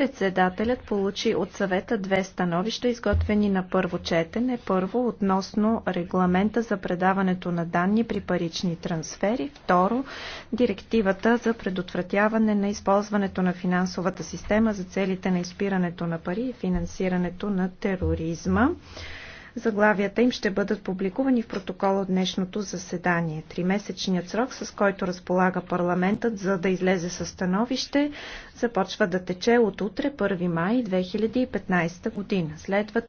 Председателят получи от съвета две становища, изготвени на първо четене. Първо, относно регламента за предаването на данни при парични трансфери. Второ, директивата за предотвратяване на използването на финансовата система за целите на изпирането на пари и финансирането на тероризма. Заглавията им ще бъдат публикувани в протокол от днешното заседание. Тримесечният срок, с който разполага парламентът за да излезе със становище, започва да тече от утре 1 май 2015 година. Следват